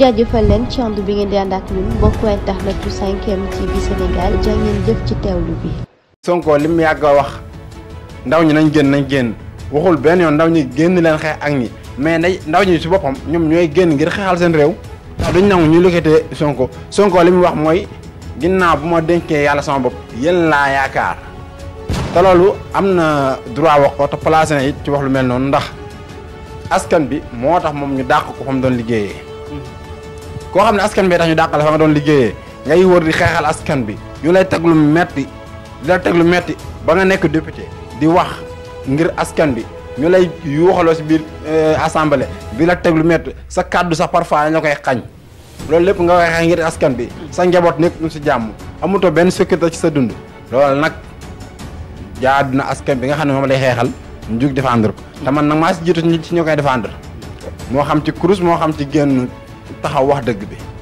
jaajëfal leen ci bi ngeen di ànd ak ñun mbokku internet bu 5M TV Sénégal jaa jëf ci teewlu bi. Sonko li mu yàgg wax ndaw ñi nañ génn nañ génn waxul benn yoon ndaw ñi génn leen xeex ak ñi mais nday ndaw ñi si boppam ñoom ñooy génn ngir xeexal seen réew. ndax duñ nangu ñu lëkkatee Sonko Sonko li mu wax mooy ginnaaw bu ma dénkee yàlla sama bopp yéen laa yaakaar te loolu am na droit wax ko te placé na it ci wax lu mel noonu ndax askan bi moo tax moom ñu dàq ko fa doon liggéeyee. koo xam ne askan bi tax ñu dàqal fa nga doon liggéeyee ngay wër di xeexal askan bi ñu lay teglu lu metti di la teg lu metti ba nga nekk député di wax ngir askan bi ñu lay yuuxaloo si biir eh, assambale bi la teglu lu metti sa kàddu sax parfois la koy xañ loolu lépp nga koy xañ ngir askan bi sa njaboot nekk ñu si jàmm amutoo benn sécurité ci sa dund loolu nag jaadu na askan bi nga xam ne moom lay xeexal ñu jug défendre ko te man nag maa si jiitu ci ñu koy défendre moo xam ci kurus moo xam ci génn taxaw wax dëgg bi